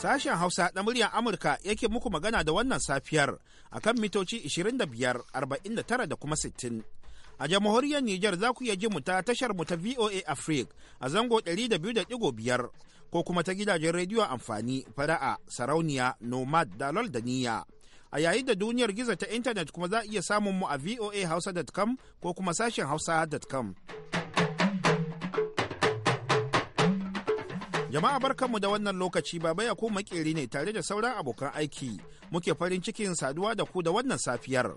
Sashen Hausa na muryar Amurka yake muku magana da wannan safiyar a kan mitoci 25,49 da kuma 60. a jamhuriyar Nijar za ku iya ji mu ta tashar mu ta VOA Africa a zango 200.5 ko kuma ta gidajen rediyon amfani fara'a sarauniya nomad dalol da niyya. A yayin da duniyar gizo ta intanet kuma za a iya samun mu a VOA voahausa.com ko kuma sashen hausa.com. Jama'a barkanmu da wannan lokaci baba ya ko makeri ne tare da sauran abokan aiki muke farin cikin saduwa da ku da wannan safiyar.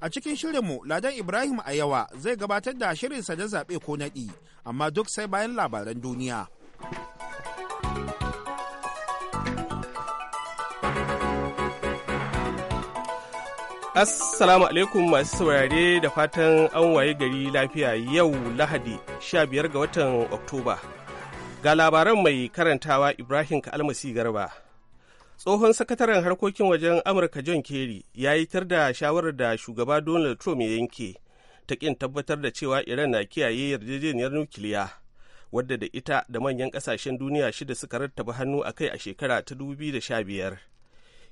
A cikin shirinmu Ladan Ibrahim a yawa zai gabatar da shirinsa na zaɓe ko naɗi amma duk sai bayan labaran duniya. Assalamu alaikum masu saurare da fatan an waye gari lafiya yau Lahadi 15 ga watan Oktoba. Ga labaran mai karantawa Ibrahim Kalmasi Garba. Tsohon sakataren harkokin wajen Amurka John Kerry ya yi tar da shawarar da shugaba Donald Trump ya yanke ta ƙin tabbatar da cewa Iran na kiyaye yarjejeniyar nukiliya wadda da ita da manyan ƙasashen duniya shida suka rattaba hannu a kai a shekara ta 2015.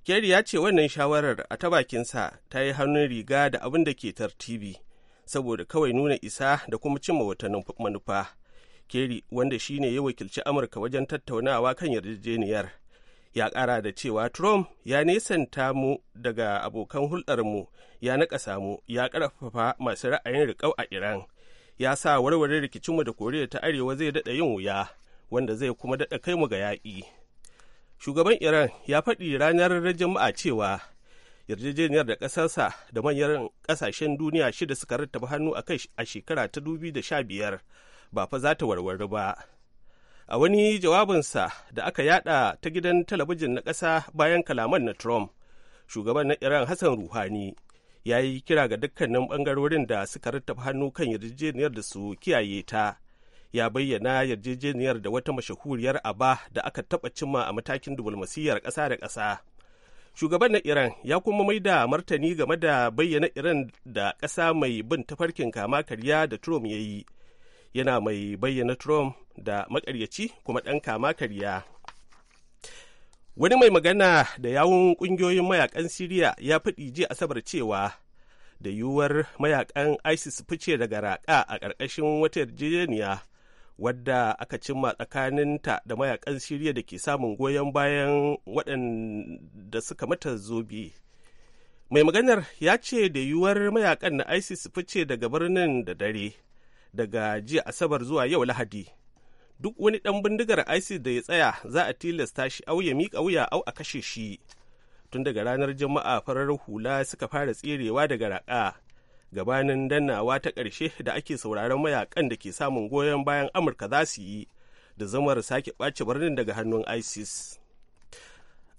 Kerry ya ce wannan shawarar a ta bakinsa ta yi hannun riga da abin da ke tartibi saboda kawai nuna isa da kuma cimma wata manufa. kerry wanda shine ya wakilci amurka wajen tattaunawa kan yarjejeniyar ya ƙara da cewa trump ya nesanta mu daga abokan hulɗarmu ya naƙasa mu ya ƙarfafa masu ra'ayin riƙau a iran ya sa warware rikicinmu da koriya ta arewa zai daɗa yin wuya wanda zai kuma daɗa kai mu ga yaƙi shugaban iran ya faɗi ranar jama'a cewa yarjejeniyar da ƙasarsa da manyan ƙasashen duniya shida suka rattaba hannu a kai a shekara ta 2015 ba fa za ta warware ba a wani jawabinsa da aka yada ta gidan talabijin na ƙasa bayan kalaman na trump shugaban na iran hassan ruhani ya yi kira ga dukkanin ɓangarorin da suka rattaba hannu kan yarjejeniyar da su kiyaye ta ya bayyana yarjejeniyar da wata mashahuriyar aba da aka taɓa cimma a matakin dubulmasiyar ƙasa da ƙasa shugaban na iran ya kuma mai da martani game da bayyana iran da ƙasa mai bin tafarkin kama karya da trump ya yi yana mai bayyana trump da makaryaci kuma ɗan kama karya wani mai magana da yawun ƙungiyoyin mayakan siriya ya faɗi ji asabar cewa da yiwuwar mayakan isis fice daga raƙa a ƙarƙashin wata yarjejeniya wadda aka cimma tsakaninta da mayakan siriya da ke samun goyon bayan waɗanda suka mata zobe mai maganar ya ce da yiwuwar mayakan na isis fice daga birnin da dare daga jiya asabar zuwa yau lahadi duk wani ɗan bindigar isis da ya tsaya za a tilasta shi au ya miƙa wuya au a kashe shi tun daga ranar jama'a farar hula suka fara tserewa daga raƙa gabanin dannawa ta ƙarshe da ake sauraron mayakan da ke samun goyon bayan amurka za su yi da zamar sake ɓace birnin daga hannun isis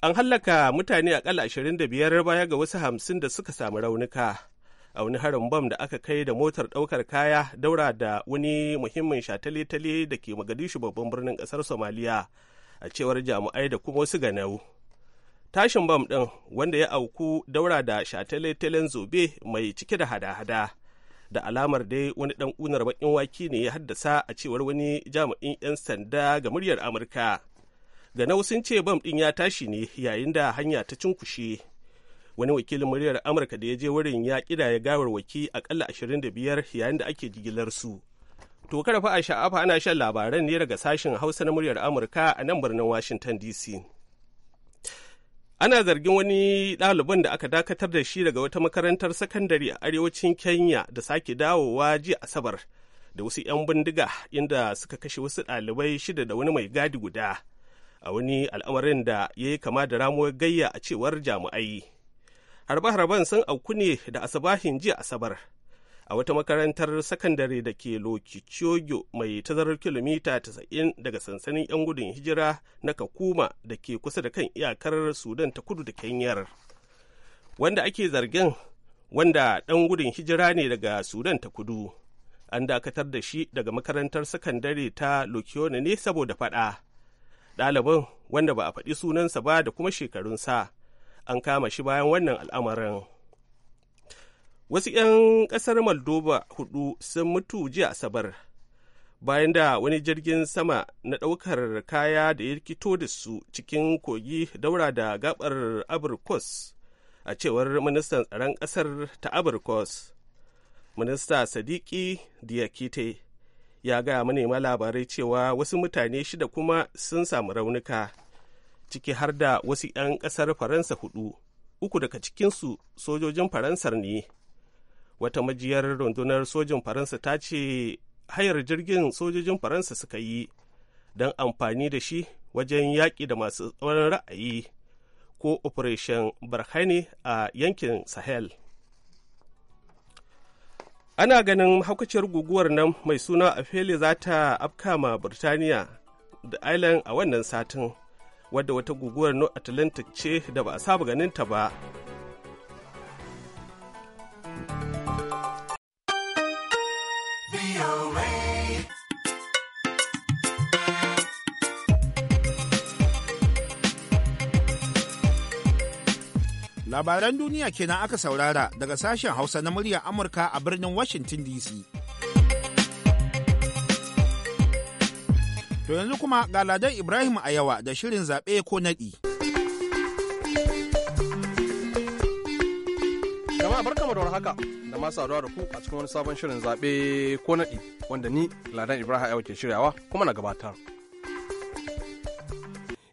an hallaka mutane akalla 25 baya ga wasu hamsin da suka samu raunuka a wani harin bam da aka kai da motar ɗaukar kaya daura da wani muhimmin shatale da ke magadishu babban birnin ƙasar somaliya a cewar jami'ai da kuma wasu ganau tashin bam ɗin wanda ya auku daura da shatale zobe mai cike da hada-hada da alamar dai wani dan unar bakin waki ne ya haddasa a cewar wani jami'in 'yan sanda ga muryar amurka ganau sun ce bam ɗin ya tashi ne yayin da hanya ta cunkushe wani wakilin muryar amurka da ya je wurin ya gawar waki akalla biyar yayin da ake jigilar su to karfa a sha'afa ana shan labaran ne daga sashen hausa na muryar amurka a nan birnin washington dc ana zargin wani ɗaliban da aka dakatar da shi daga wata makarantar sakandare a arewacin kenya da sake dawowa jiya asabar da wasu 'yan bindiga inda suka kashe wasu ɗalibai shida da wani mai gadi guda a wani al'amarin da ya yi kama da ramuwar gayya a cewar jami'ai harbe-harben sun auku ne da asabahin jiya asabar a wata makarantar sakandare da ke lokichiogyo mai tazarar kilomita 90 daga sansanin 'yan gudun hijira na kakuma da ke kusa da kan iyakar sudan ta kudu da kenyar wanda ake zargin wanda ɗan gudun hijira ne daga sudan ta kudu an dakatar da shi daga makarantar sakandare ta lokiona ne saboda faɗa ɗalibin wanda ba a faɗi sunansa ba da kuma shekarunsa an kama shi bayan wannan al'amarin wasu 'yan ƙasar moldova hudu sun mutu jiya asabar bayan da wani jirgin sama na ɗaukar kaya da ya rikito da su cikin kogi daura da gabar Abrikos a cewar ministan tsaron ƙasar ta Abrikos. minista sadiki diakite ya gaya manema labarai cewa wasu mutane shida kuma sun samu raunuka ciki har da wasu 'yan ƙasar faransa hudu uku daga cikinsu sojojin faransar ne wata majiyar rundunar sojin faransa ta ce hayar jirgin sojojin faransa suka yi don amfani da shi wajen yaƙi da masu tsawon ra'ayi ko operation Barhane a yankin sahel ana ganin haukaciyar guguwar nan mai suna afele za ta afkama Burtaniya da island a wannan satin wadda wata guguwar no atlantic ce da ba a saba ganinta ba Labaran duniya kenan aka saurara daga sashen Hausa na muryar Amurka a birnin Washington DC. To yanzu kuma ga Ibrahim a yawa da shirin zaɓe ko naɗi. barka barkamu da haka da ma saduwa da ku a cikin wani sabon shirin zaɓe ko naɗi wanda ni Ladan Ibrahim Ayawa ke shiryawa kuma na gabatar.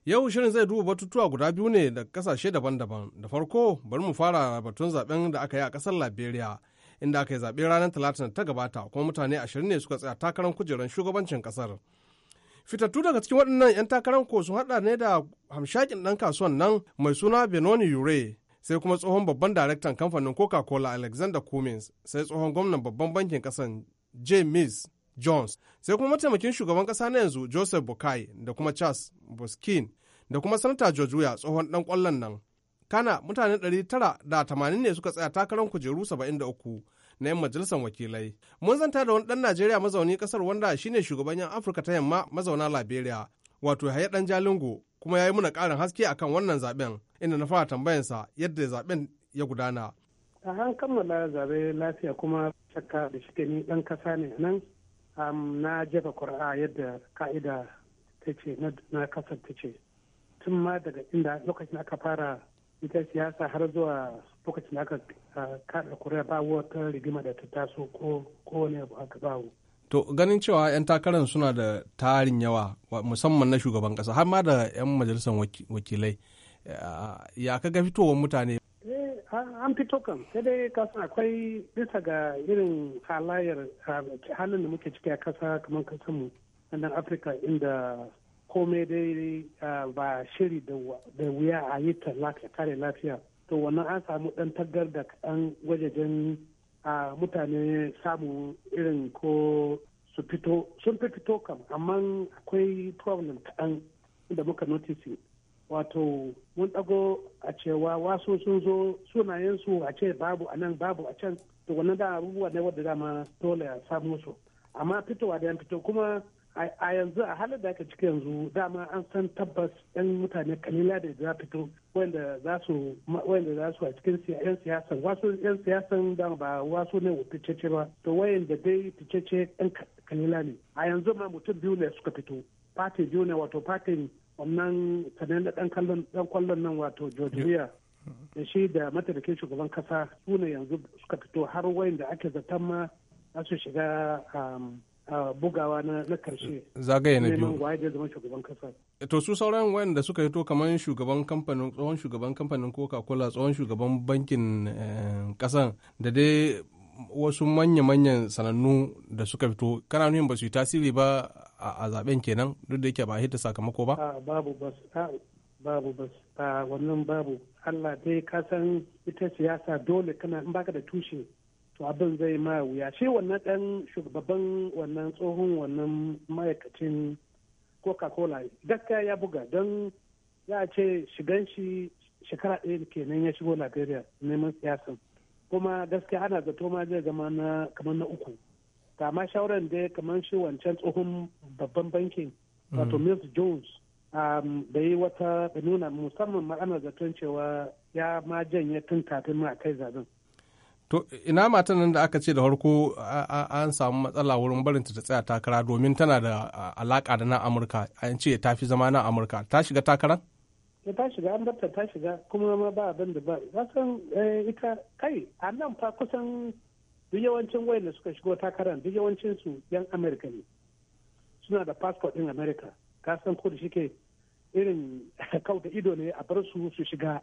Yau shirin zai duba batutuwa guda biyu ne da kasashe daban-daban. Da farko bari mu fara batun zaben da aka yi a ƙasar Liberia. inda aka yi zaɓe ranar talatin ta gabata kuma mutane ashirin ne suka tsaya takarar kujerar shugabancin ƙasar. fitattu daga cikin waɗannan 'yan takarar ko sun haɗa ne da hamshakin ɗan kasuwan nan mai suna benoni yure sai kuma tsohon babban daraktan kamfanin coca-cola alexander cummins sai tsohon gwamnan babban bankin ƙasan james jones sai kuma mataimakin shugaban ƙasa na yanzu joseph bukai da kuma charles buskin da kuma sanata george weah tsohon ɗan ƙwallon nan kana mutane 980 ne suka tsaya takarar kujeru 73 na 'yan majalisar wakilai. Mun zanta da wani dan Najeriya mazauni kasar wanda shine shugaban 'yan Afirka ta yamma mazauna Liberia, wato ya ɗan Jalingo, kuma ya yi muna karin haske akan wannan zaben inda na fara sa yadda zaben ya gudana. A an kammala zaɓe lafiya kuma shakka da shi ni ɗan ƙasa ne nan na jefa ƙuri'a yadda ka'ida ta ce na kasar ta ce. Tun ma daga inda lokacin aka fara ita siyasa har zuwa lokacin da aka kada kuri'a ba wata rigima da ta taso ko wani abu haka ba To ganin cewa 'yan takarar suna da tarin yawa musamman na shugaban kasa har ma da 'yan majalisar wakilai ya ka ga fitowar mutane. Eh, an fito kan sai dai kasa akwai bisa ga irin halayyar halin da muke ciki a kasa kamar mu nan Afirka inda komai dai ba shiri da wuya a yi ta kare lafiya. to wannan an samu ɗan taggar da kaɗan wajajen a mutane samu irin ko su fito sun fi fito kam amma akwai problem kaɗan da muka notice wato mun ɗago a cewa wasu sun zo sunayensu a ce babu a nan babu a can to wannan da abubuwa ne wadda dama dole a samu su amma fitowa da yan fito kuma a yanzu a halin da aka ciki yanzu dama an san tabbas yan mutane kalila da za fito wanda za su a cikin yan siyasan wasu yan siyasan da ba wasu ne ficece ba to wayan da dai ficece yan kalila ne a yanzu ma mutum biyu ne suka fito fati biyu ne wato fatin wannan sanar da dan kwallon nan wato Jordania da shi da mataimakin shugaban kasa su ne yanzu suka fito har wayan da ake zaton ma za su shiga um, bugawa na karshe zagaye na biyu zama shugaban kasa eh, to su sauran wanda suka hito kamar shugaban kamfanin tsohon shugaban kamfanin coca-cola tsohon shugaban bankin eh, kasan da dai wasu manya-manyan sanannu da suka fito kana nuhin ba su yi tasiri ba a zaben kenan duk da yake ba a hita sakamako ba babu ba babu ba wannan babu Allah dai ka san ita siyasa dole kana in baka da tushe to abin zai ma wuya shi wannan ɗan shugaban wannan tsohon wannan ma'aikacin coca-cola gaskiya ya buga don ya ce shigan shi shekara ɗaya kenan ya shigo nigeria neman siyasan kuma gaskiya ana zato ma zai zama na kamar na uku kama shawaran da kamar shi wancan tsohon babban bankin wato mm. mills jones um, da yi wata nuna musamman ma ana zaton cewa ya ma janye tun kafin ma kai zaben To ina matan nan da aka ce da farko an samu matsala wurin barinta ta tsaya takara domin tana da alaka da nan Amurka an ce ta fi zama nan Amurka ta shiga takaran? ta shiga an barta ta shiga kuma ma ba abin da ba san eh, ita kai a nan fa kusan duk yawancin da suka shigo takarar duk yawancin su yan Amurka ne suna da passport din Amurka ka san ko da shike irin kauta ido ne a bar su su shiga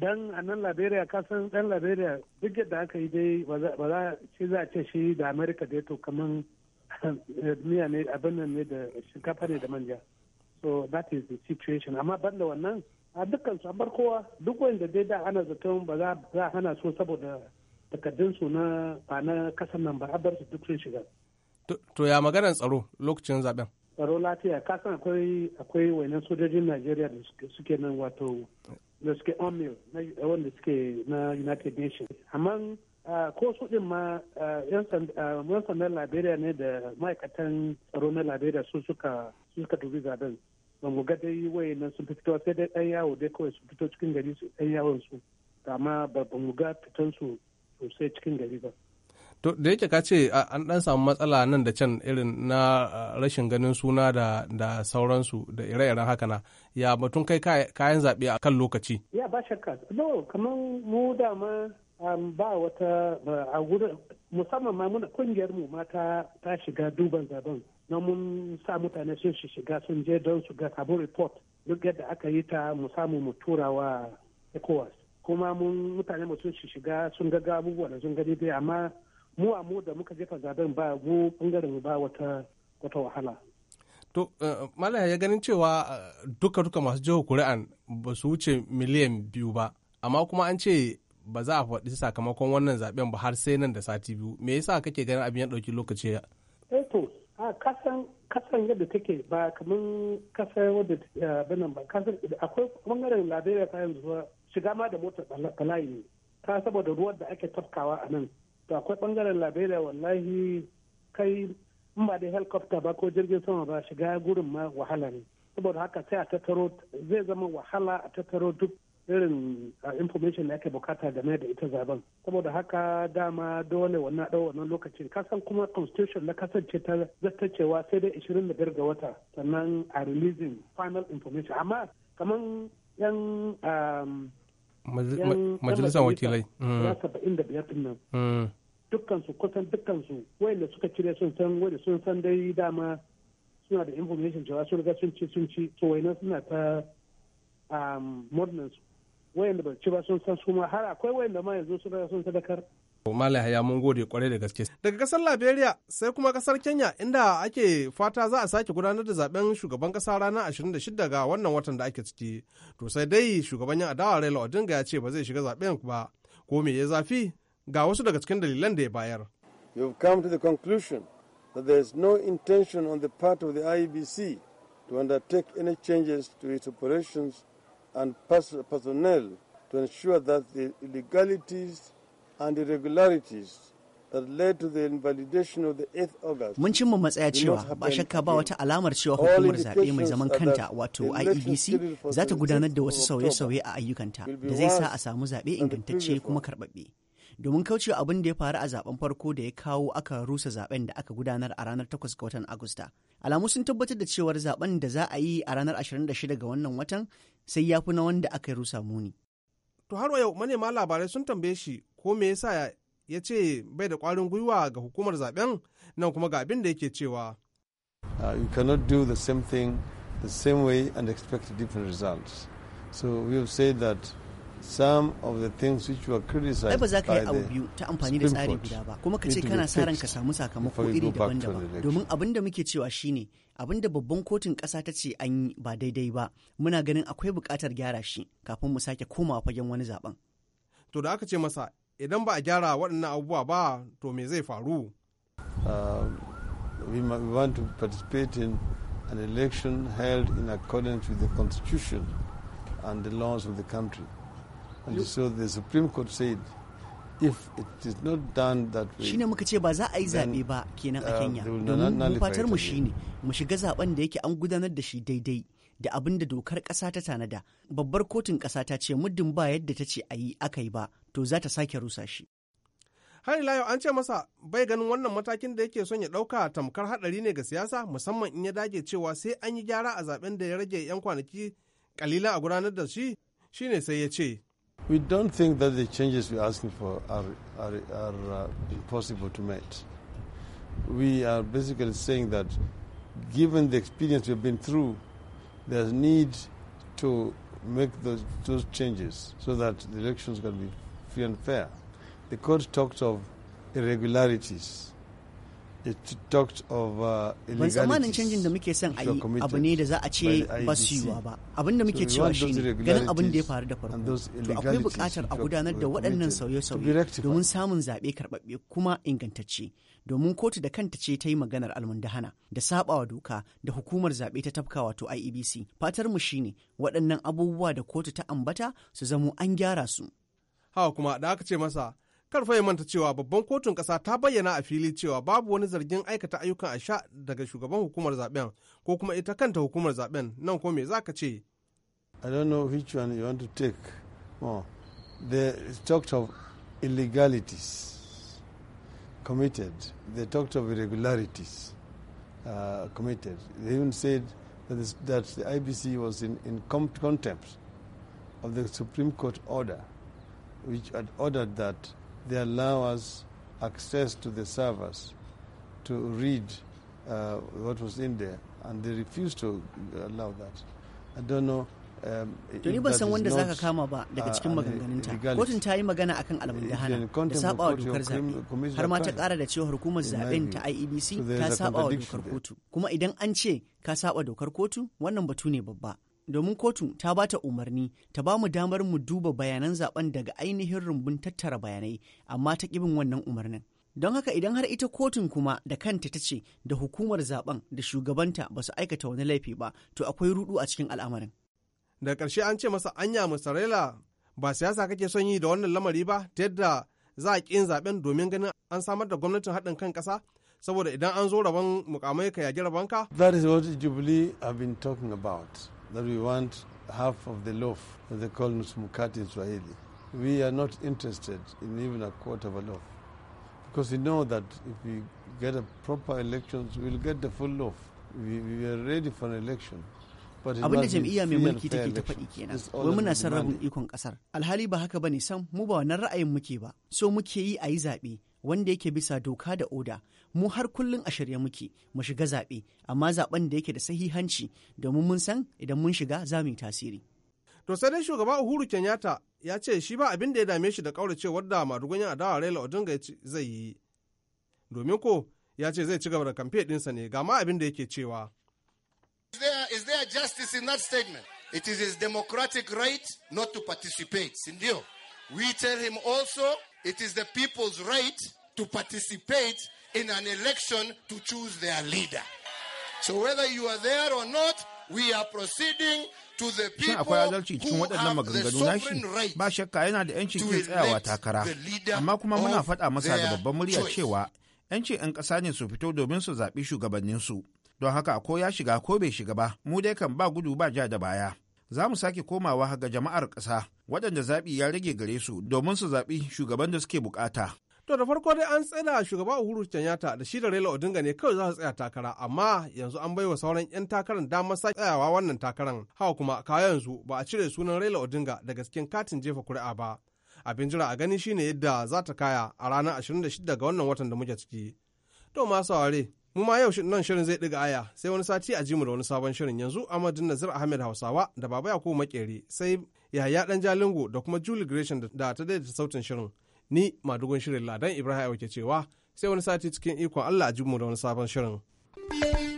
dan a nan liberia kasan dan liberia duk yadda aka yi dai ba za ce za ce shi da america da to kaman miya ne abin nan ne da shinkafa ne da manja so that is the situation amma ban da wannan a dukkan su bar kowa duk wanda dai da ana zaton ba za a hana su saboda takardun su na ba na kasan nan ba a bar su duk sun shiga to ya maganar tsaro lokacin zaben tsaro lafiya kasan akwai akwai wainan sojojin najeriya da suke nan wato da suke omil wanda suke na united nations amma ko su din ma yan sandan liberia ne da ma'aikatan tsaro na liberia su suka dubi zaben ban mu ga dai wai nan sun fito sai dai dan yawo dai kawai sun fito cikin gari su dan yawon su amma ba mu ga fitan su sosai cikin gari ba To da yake ka ce an ɗan samu matsala nan da can irin na rashin ganin suna da da sauransu da ire-iren haka na ya batun kai kayan zaɓe a kan lokaci. Ya ba shakka. No, kamar mu dama ba wata a wurin musamman ma muna kungiyar mu mata ta shiga duban zaben na mun sa mutane sun shiga sun je don su ga sabon report duk yadda aka yi ta mu samu mu tura wa ECOWAS kuma mun mutane mu sun shiga sun ga abubuwa da sun gani dai amma mu a mu da muka jefa zaben ba mu bangaren ba wata wata wahala to eh, malaya ya ganin cewa eh, duka duka masu jihar kuri'an ba su wuce miliyan biyu ba amma kuma an ce ba za a faɗi sakamakon wannan zaben ba har sai nan da sati biyu me yasa kake ganin abin ya ɗauki lokaci ya? Eh, to a kasan kasan yadda take ba kamar kasar wadda banan ba kasan akwai bangaren Liberia ta yanzu shiga ma da motar bala'i ne ta saboda ruwan da ake tafkawa a nan to akwai bangaren liberia wallahi kai in ba da helicopter ba ko jirgin sama ba shiga gurin ma wahala ne saboda haka sai a tattaro zai zama wahala a tattaro duk irin information da ake bukata game da ita zaben saboda haka dama dole wannan ɗau wannan lokacin kasan kuma constitution na kasance ta zattacewa sai dai 25 ga wata sannan a releasing final information amma kaman yan um, majalisar wakilai na mm. saba'in biyar mm. dukkansu kusan dukkansu wanda suka cire sun san wanda sun san dai dama suna da information cewa sun riga sun ci sun ci to wainan suna ta um, murnan wayanda ba ci ba sun san su ma har akwai wayanda ma yanzu sun riga sun sadakar Malam mun gode kwarai da gaske. Daga kasar Liberia sai kuma kasar Kenya inda ake fata za a sake gudanar da zaben shugaban kasa ranar 26 ga wannan watan da ake ciki. To sai dai shugaban yan adawa Raila Odinga ya ce ba zai shiga zaben ba. Ko me ya zafi? Ga wasu daga cikin dalilan da ya bayar. You've come to the conclusion that there is no intention on the part of the IBC to undertake any changes to its operations and personnel to ensure that the illegalities and irregularities that led to the invalidation of the 8th August. Mun cimma matsaya cewa ba shakka ba wata alamar cewa hukumar zaɓe mai zaman kanta wato IEBC za ta gudanar da wasu sauye-sauye a ayyukanta da zai sa a samu zaɓe ingantacce kuma karɓaɓɓe. Domin kaucewa abin da ya faru a zaben farko da ya kawo aka rusa zaben da aka gudanar a ranar 8 ga watan Agusta. Alamu sun tabbatar da cewar zaben da za a yi a ranar 26 ga wannan watan sai ya fi na wanda aka rusa muni. To har yau manema labarai sun tambaye shi ko me yasa ya ce bai da kwarin gwiwa ga hukumar zaben nan kuma ga abin da yake cewa uh, you cannot do the same thing the same way and expect different results so we have said that some of the things which were criticized ba za ka yi abu biyu ta amfani da tsari guda ba kuma ka ce kana iri domin abin da muke cewa shine abin da babban kotun ƙasa ta ce an yi ba daidai ba muna ganin akwai buƙatar gyara shi kafin mu sake komawa fagen wani zaben to da aka ce masa idan ba a gyara waɗannan abubuwa ba to me zai faru um, we want to participate in an election held in accordance with the constitution and the laws of the country and you... so the supreme court said if it is not done that way shine muka ce ba za a yi zabe ba kenan a um, Kenya domin mu fatar mu shine mu shiga zaben da yake an gudanar da shi daidai da abin da dokar ƙasa ta tanada babbar kotun ƙasa ta ce muddin ba yadda ta ce a yi aka yi ba to za ta sake rusa shi. Har ila yau an ce masa bai ganin wannan matakin da yake son ya ɗauka tamkar haɗari ne ga siyasa musamman in ya dage cewa sai an yi gyara a zaben da ya rage 'yan kwanaki kalila a gudanar da shi shine sai ya ce. We don't think that the changes we are asking for are, are, are uh, to make. We are basically saying that given the experience we've been through, there's need to make those, those changes so that the elections can be free and fair. The court talked of irregularities. It talked of uh, illegalities. Ban tsammanin canjin da muke son a yi abu ne da za a ce ba su yiwa ba. Abin da muke cewa shi ne ganin abin da ya faru da farko. To akwai buƙatar a gudanar da waɗannan sauye-sauye domin samun zaɓe karɓaɓɓe kuma ingantacce. Domin kotu da kanta ce ta yi maganar almundahana da saɓawa doka da hukumar zaɓe ta tafka wato IEBC. fatarmu shi ne waɗannan abubuwa da kotu ta ambata su zamo an gyara su hawa kuma da aka ce masa kar ya manta cewa babban kotun kasa ta bayyana a fili cewa babu wani zargin aikata ayyukan a sha daga shugaban hukumar zaben ko kuma ita kanta hukumar zaben nan ko me zaka ce I don't know which one you want to take more. Oh, They talked of illegalities committed. They talked of irregularities uh, committed. They even said that, this, that the IBC was in, in contempt of the Supreme Court order. which had ordered that they allow us access to the servers to read uh, what was in there, and they refused to uh, allow that. I don't know. Um, to ni ban san wanda za ka kama ba daga uh, cikin uh, maganganunta kotun ta yi magana akan almundahana da saba wa dokar zaɓe har ma ta ƙara da cewa hukumar zaɓen ta iebc ta saba wa dokar kotu kuma idan an ce ka saba dokar kotu wannan batu ne babba domin kotu ta ba ta umarni ta ba mu damar mu duba bayanan zaben daga ainihin rumbun tattara bayanai amma ta kibin wannan umarnin don haka idan har ita kotun kuma da kanta ta ce da hukumar zaben da shugabanta ba su aikata wani laifi ba to akwai rudu a cikin al'amarin da ƙarshe an ce masa anya musarela ba siyasa kake son yi da wannan lamari ba ta yadda za a ƙin zaben domin ganin an samar da gwamnatin haɗin kan ƙasa saboda idan an zo rabon mukamai ka yaji rabonka that is what jubilee have been talking about that we want half of the loaf, as they call msumukati in Swahili. We are not interested in even a quarter of a loaf because we know that if we get a proper elections, we'll get the full loaf. We, we are ready for an election. abin da jam'iyya mai mulki take ta faɗi kenan wai muna son rabin ikon ƙasar alhali ba haka bane sam mu ba wannan ra'ayin muke ba so muke yi a yi zaɓe wanda yake bisa doka da oda mu har kullum a shirya muke mu shiga zaɓe amma zaɓen da yake da sahihanci domin mun san idan mun shiga za mu yi tasiri. To sai dai shugaba Uhuru Kenyatta ya ce shi ba abin da ya dame shi da kauracewar wadda madugun yan adawa Raila Odinga zai yi. Domin ko ya ce zai ci gaba da kamfe ɗinsa ne ga ma abin da yake cewa. Is there, is there justice in that statement? It is his democratic right not to participate. Sindio. We tell him also It is the people's right to participate in an election to choose their leader. So whether you are there or not, we are proceeding to the people who have the sovereign right to elect the leader yancin kin tsayawa takara amma kuma muna faɗa masa da babban murya cewa yancin 'yan ƙasa ne su fito domin su zaɓi shugabanninsu don haka ko ya shiga ko bai shiga ba mu dai kan ba gudu ba ja da baya za mu sake komawa ga jama'ar ƙasa waɗanda zaɓi ya rage gare su domin su zaɓi shugaban da suke bukata. To da farko dai an tsaya shugaba Uhuru Kenyatta da shi da Raila Odinga ne kawai za su tsaya takara amma yanzu an baiwa sauran 'yan takarar damar sake tsayawa wannan takaran. Hawa kuma kawo yanzu ba a cire sunan Raila Odinga daga cikin katin jefa kuri'a ba. Abin jira a gani shine yadda za ta kaya a ranar 26 ga wannan watan da muke ciki. To ma saware mu ma yau nan shirin zai ɗiga aya sai wani sati a ji mu da wani sabon shirin yanzu amadu nazir ahmed hausawa da baba yakubu makere sai yahaya dan jalingo da kuma julie gresham da ta daidaita sautin shirin ni madugun shirin ladan ibrahim ke cewa sai wani sati cikin ikon allah a jimu da wani sabon shirin. thank you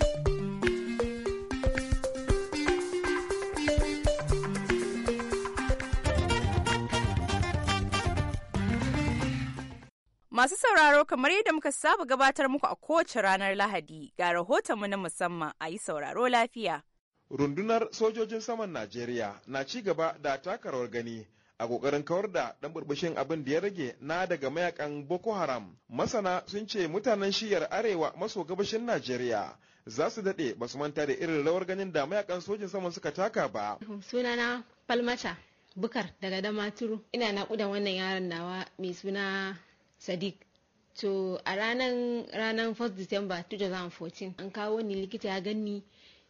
Masu sauraro kamar yadda muka saba gabatar muku a kowace ranar Lahadi ga rahotonmu na musamman a yi sauraro lafiya. Rundunar sojojin saman Najeriya na ci gaba da rawar gani a kokarin kawar da dan burbushin abin da ya rage na daga mayakan Boko Haram. Masana sun ce mutanen shiyar arewa maso gabashin Najeriya za su daɗe ba su manta da irin rawar ganin da mayakan sojin saman suka taka ba. Sunana Falmata Bukar daga Damaturu ina naƙudan wannan yaron nawa mai suna sadiq to a ranar ranar 1 december 2014 an kawo ni likita ya ganni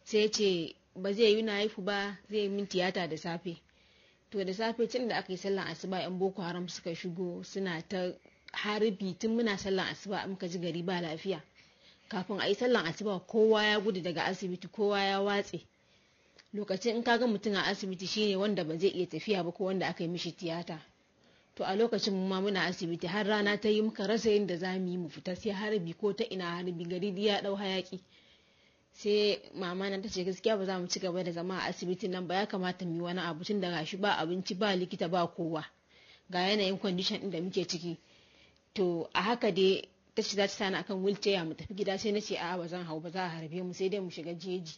sai ya ce ba zai yi na haifu ba zai yi min tiyata da safe to da safe tun da aka yi sallan asuba yan boko haram suka shigo suna ta harbi tun muna sallan asuba muka ji gari ba lafiya kafin a yi sallan asuba kowa ya gudu daga asibiti kowa ya watse lokacin in ka ga mutum a asibiti shine wanda ba zai iya tafiya ba ko wanda aka yi mishi tiyata to a lokacin ma muna asibiti har rana ta yi muka rasa yadda za mu yi mu fita sai harbi ko ta ina harbi gari ya dau hayaki sai mama na ta ce gaskiya ba za mu ci gaba da zama a asibitin nan ba ya kamata mu yi wani abu tun da gashi ba abinci ba likita ba kowa ga yanayin kwandishan din da muke ciki to a haka dai ta ce za ta sani akan wilcaya mu tafi gida sai na ce a'a ba zan hau ba za a harbe mu sai dai mu shiga jeji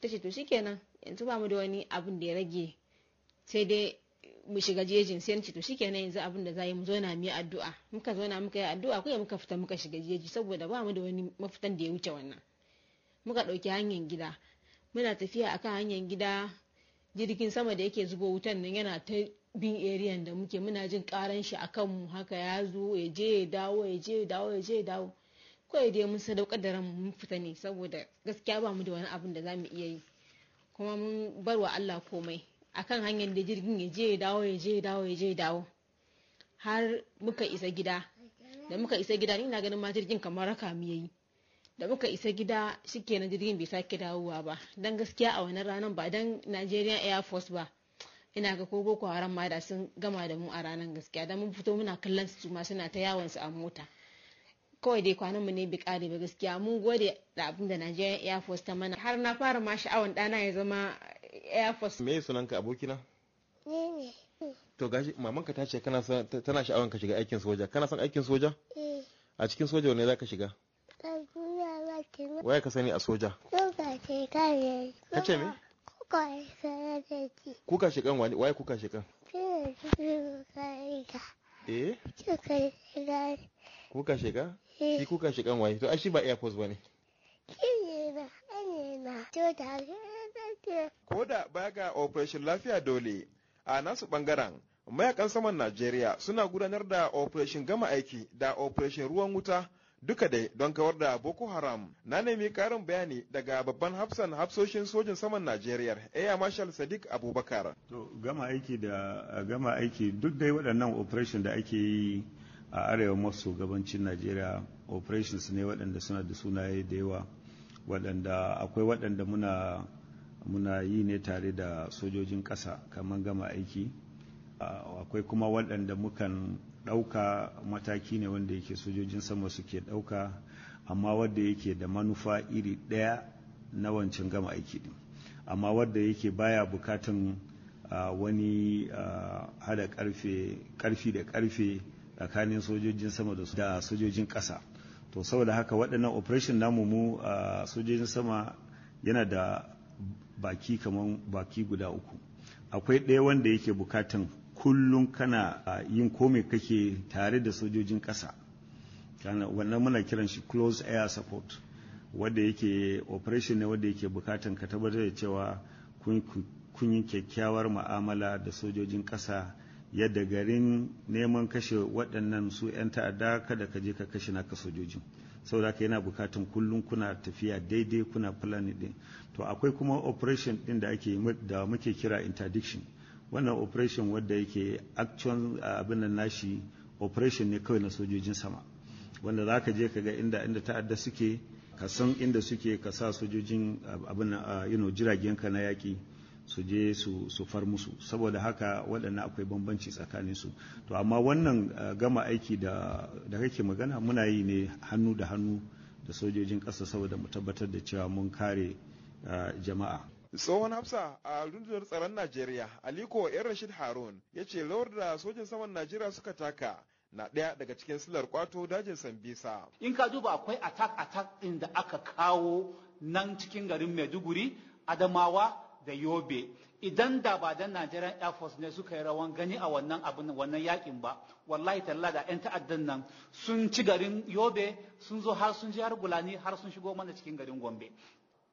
ta ce to shikenan yanzu ba mu da wani abin da ya rage sai dai mu shiga jejin sai ci to nan yanzu abin da za mu zo na mu yi addu'a muka zo muka yi addu'a kuma muka fita muka shiga jeji saboda ba mu da wani mafitan da ya wuce wannan muka ɗauki hanyar gida muna tafiya akan hanyar gida jirgin sama da yake zubo wutan nan yana ta bin eriyan da muke muna jin karan shi akan mu haka ya zo ya je ya dawo ya je ya dawo ya je ya dawo kawai dai mun sadaukar da ran mun fita ne saboda gaskiya ba mu da wani abin da za mu iya yi kuma mun barwa Allah komai akan hanyar da jirgin ya je ya dawo ya je ya dawo ya je ya dawo har muka isa gida da muka isa gida ni na ganin ma jirgin kamar raka mu yayi da muka isa gida na jirgin bai sake dawowa ba dan gaskiya a wannan ranar ba dan nigeria Air Force ba ina ga ko boko ma da sun gama da mu a ranar gaskiya da mun fito muna kallon su ma suna ta yawon su a mota kawai dai kwanan mu ne bi kare ba gaskiya mun gode da abin da nigeria Air Force ta mana har na fara ma sha'awan dana ya zama air force me sunanka abokina ni ne to gashi mamanka ta ce kana tana sha'awan ka shiga aikin soja kana son aikin soja eh. a cikin soja ne zaka shiga waye ka sani a soja kuka ce kan ka ce me kuka ce kuka shi kan waye kuka shi kan eh kuka shiga eh. shi kuka shigan waye to ai shi ba air force bane shi ne ba ne na to da yake. Ko da baya ga Operation Lafiya Dole, a nasu bangaren mayakan saman Najeriya suna gudanar da Operation Gama Aiki da Operation Ruwan Wuta duka dai don kawar da Boko Haram. Na nemi karin bayani daga babban hafsan hafsoshin sojin saman Najeriya, Air Marshal Sadiq Abubakar. To gama aiki da gama aiki duk dai waɗannan operation da ake yi a arewa maso gabancin Najeriya operations ne waɗanda suna da sunaye da yawa waɗanda akwai waɗanda muna muna yi ne tare da sojojin ƙasa kamar gama aiki akwai kuma waɗanda mukan ɗauka mataki ne wanda yake sojojin sama suke ɗauka amma wadda yake da manufa iri ɗaya na wancan gama aiki ɗin amma wadda yake baya bukatan wani hada ƙarfi da ƙarfe tsakanin sojojin sama da sojojin ƙasa to saboda haka waɗannan operation namu mu sojojin sama yana da baki kamar baki guda uku akwai ɗaya wanda yake bukatan kullum kana yin kome kake tare da sojojin ƙasa wannan muna kiran shi close air support wadda yake operation ne wadda yake bukatan ka tabbatar da cewa kun yi kyakkyawar ma'amala da sojojin ƙasa yadda garin neman kashe waɗannan su 'yan ta'adda kada ka je ka kashe naka sojojin saboda haka yana bukatun kullum kuna tafiya daidai kuna planning din to akwai kuma operation din da ake da muke kira interdiction wannan operation wadda yake action abin nan nashi operation ne kawai na sojojin sama wanda za ka je ka ga inda inda ta'adda suke ka san inda suke ka sa sojojin abin ah, you jiragen ka na yaki su je su far musu saboda haka waɗannan akwai bambanci tsakanin su to amma wannan eh, gama aiki da kake magana muna yi ne hannu da hannu da sojojin ƙasa saboda mu tabbatar da cewa mun kare eh, jama'a tsohon hafsa a rundunar tsaron najeriya aliko yan rashid harun ya ce lawar da sojin saman najeriya suka taka na ɗaya daga cikin silar kwato dajin sambisa in ka duba akwai attack attack da aka kawo nan cikin garin maiduguri adamawa da yobe idan da ba dan Najeriya Air Force ne suka yi rawan gani a wannan abin wannan yakin ba wallahi talla da yan ta'addan nan sun ci garin yobe sun zo har sun ji har gulani har sun shigo mana cikin garin Gombe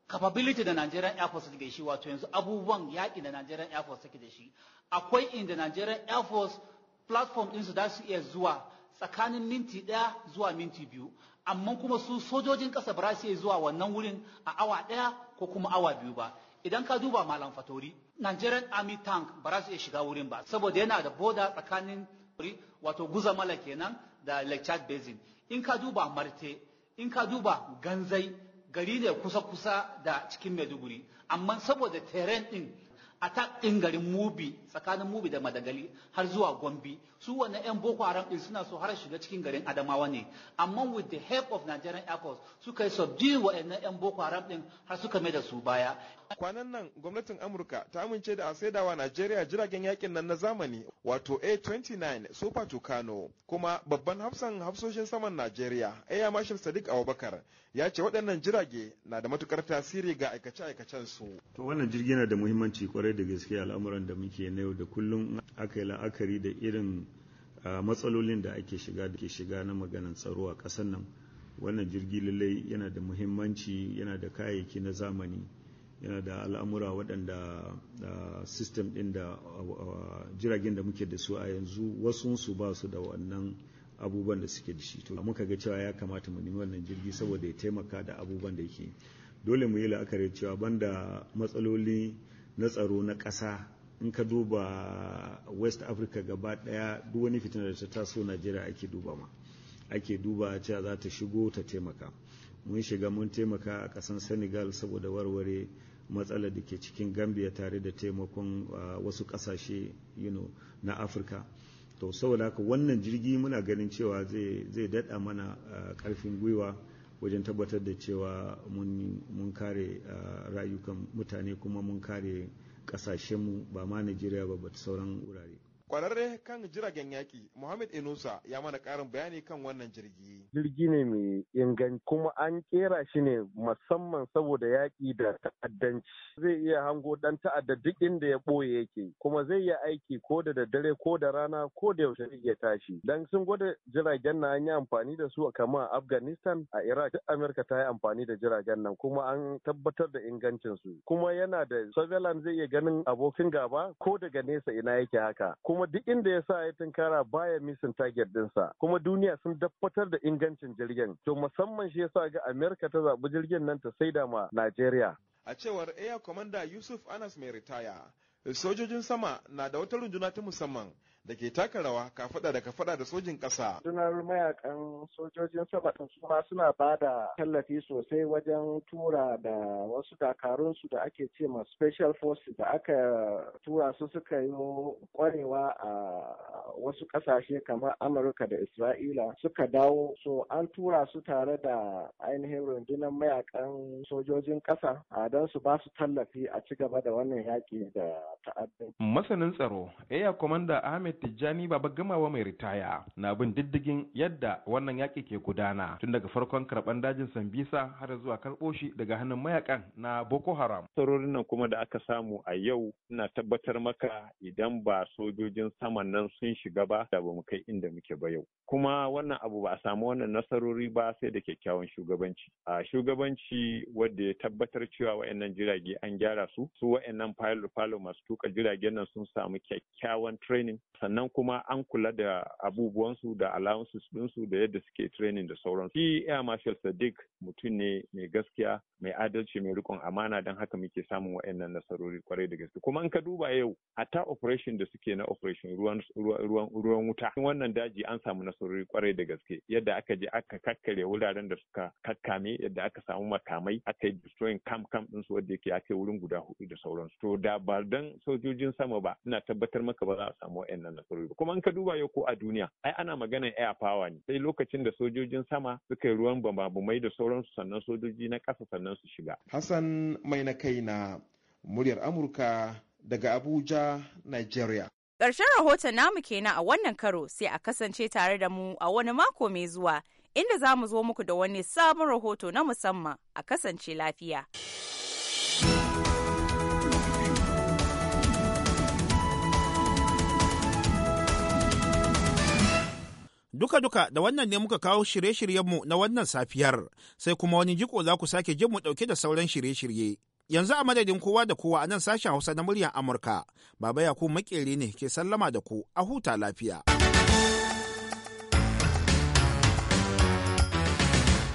capability da najeriyan Air Force take da shi wato yanzu abubuwan yaƙi da najeriyan Air Force take da shi akwai inda najeriyan Air Force platform su za su iya zuwa tsakanin minti ɗaya zuwa minti biyu amma kuma su sojojin ƙasa ba za su iya zuwa wannan wurin a awa ɗaya ko kuma awa biyu ba idan ka duba malam fatori Nigerian Army tank ba za su iya shiga wurin ba saboda yana da boda tsakanin wato mala kenan da Lake Chad Basin in ka duba marte in ka duba ganzai gari ne kusa-kusa da cikin Maiduguri amma saboda terrain din attack ɗin garin mubi tsakanin mubi da madagali har zuwa gombe su wannan yan boko haram ɗin suna so har shiga cikin garin adamawa ne amma with the help of nigerian air force suka yi subdue wa'annan yan boko haram ɗin har suka mai da su baya Kwanan nan gwamnatin Amurka ta amince da a saidawa Najeriya jiragen yakin nan na zamani wato A-29 Super Tucano kuma babban hafsan hafsoshin saman Najeriya Air Marshal Sadiq Abubakar ya ce waɗannan jirage na da matukar tasiri ga aikace-aikacen su. To wannan jirgi yana da muhimmanci kwarai da gaske al'amuran da muke na yau da kullum aka yi la'akari da irin matsalolin da ake shiga da ke shiga na maganin tsaro a ƙasar nan. Wannan jirgi lallai yana da muhimmanci yana da kayayyaki na zamani. yana da al'amura waɗanda system ɗin da jiragen da muke da su a yanzu wasunsu ba su da wannan abubuwan da suke da shi to muka ga cewa ya kamata mu nemi wannan jirgi saboda ya taimaka da abubuwan da yake dole mu yi la'akari cewa banda matsaloli na tsaro na ƙasa in ka duba west africa gaba ɗaya duk wani fitina da ta taso najeriya ake duba ma ake duba cewa za ta shigo ta taimaka mun shiga mun taimaka a ƙasan senegal saboda warware matsalar da ke cikin gambia tare da taimakon ah, wasu kasashe na afirka to saboda haka wannan jirgi muna ganin cewa zai daɗa mana karfin ah, gwiwa wajen tabbatar da cewa mun kare ah, rayukan mutane kuma mun kare ƙasashenmu ba ma najeriya ba sauran wurare Kwararre kan jiragen yaki Muhammad Enusa ya mana karin bayani kan wannan jirgi. Jirgi ne mai inganci kuma an kera shi ne musamman saboda yaki da ta'addanci. Zai iya hango dan ta'adda duk inda ya ɓoye yake kuma zai iya aiki ko da daddare ko da rana ko da yaushe ya tashi. Dan sun gwada jiragen nan an yi amfani da su kamar a Afghanistan a Iraq duk Amerika ta yi amfani da jiragen nan kuma an tabbatar da ingancinsu. Kuma yana da surveillance zai iya ganin abokin gaba ko daga nesa ina yake haka. Kuma kuma duk inda ya sa ya tunkara baya misin target dinsa kuma duniya sun dabbatar da ingancin jirgin to musamman shi yasa ga america ta zaɓi jirgin nan ta saida ma Najeriya a cewar Air Commander Yusuf Anas mai ritaya sojojin sama na da wata runduna ta musamman da ke taka rawa kafada da kafada da sojin ƙasa. Rundunar mayakan sojojin sama ɗin su ma suna ba da tallafi sosai wajen tura da wasu dakarunsu da ake ce ma special forces da aka tura su suka yi ƙwarewa a wasu ƙasashe kamar Amurka da Isra'ila suka dawo so an tura su tare da ainihin rundunar mayakan sojojin ƙasa a don su ba su tallafi a ci gaba da wannan yaƙi da ta'addanci. Masanin tsaro, Eya Komanda Ahmed Tijjani Baba Gamawa mai ritaya na bin diddigin yadda wannan yaƙi ke gudana tun daga farkon karɓan dajin Sambisa har zuwa karɓo shi daga hannun mayakan na Boko Haram. Sarorin nan kuma da aka samu a yau ina tabbatar maka idan ba sojojin saman nan sun shiga ba da ba mu kai inda muke ba yau. Kuma wannan abu ba a samu wannan nasarori ba sai da kyakkyawan shugabanci. A shugabanci wanda ya tabbatar cewa wayannan jirage an gyara su, su wayannan pilot pilot masu tuka jiragen nan sun samu kyakkyawan training sannan kuma an kula da abubuwansu da allowances ɗinsu da yadda suke training da sauransu. Shi Air Marshal Sadiq mutum ne mai gaskiya, mai adalci, mai rikon amana don haka muke samun wa'annan nasarori kwarai da gaske. Kuma in ka duba yau, hatta operation da suke na operation ruwan ruwan wuta. Wannan daji an samu nasarori kwarai da gaske. Yadda aka je aka kakkare wuraren da suka kakkame, yadda aka samu makamai, aka yi destroying camp camp ɗinsu wanda yake aka yi wurin guda hudu da sauransu. To da ba don sojojin sama ba, ina tabbatar maka ba za a samu wa'annan kuma in ka duba yau ko a duniya ai ana maganar air power ne sai lokacin da sojojin sama suka yi ruwan bambamai da sauransu sannan sojoji na ƙasa sannan su shiga hassan mai na kai na muryar amurka daga abuja nigeria Ƙarshen rahoton namu kenan a wannan karo sai a kasance tare da mu a wani mako mai zuwa inda za mu zo muku da wani sabon rahoto na musamman a kasance lafiya. Duka-duka da wannan ne muka kawo shirye-shiryenmu na wannan safiyar, sai kuma wani jiko za ku sake jin mu ɗauke da sauran shirye-shirye. Yanzu a madadin kowa da kowa a nan sashen Hausa na muryar Amurka, Baba Yakubu Makeri ne ke sallama da ku a huta lafiya.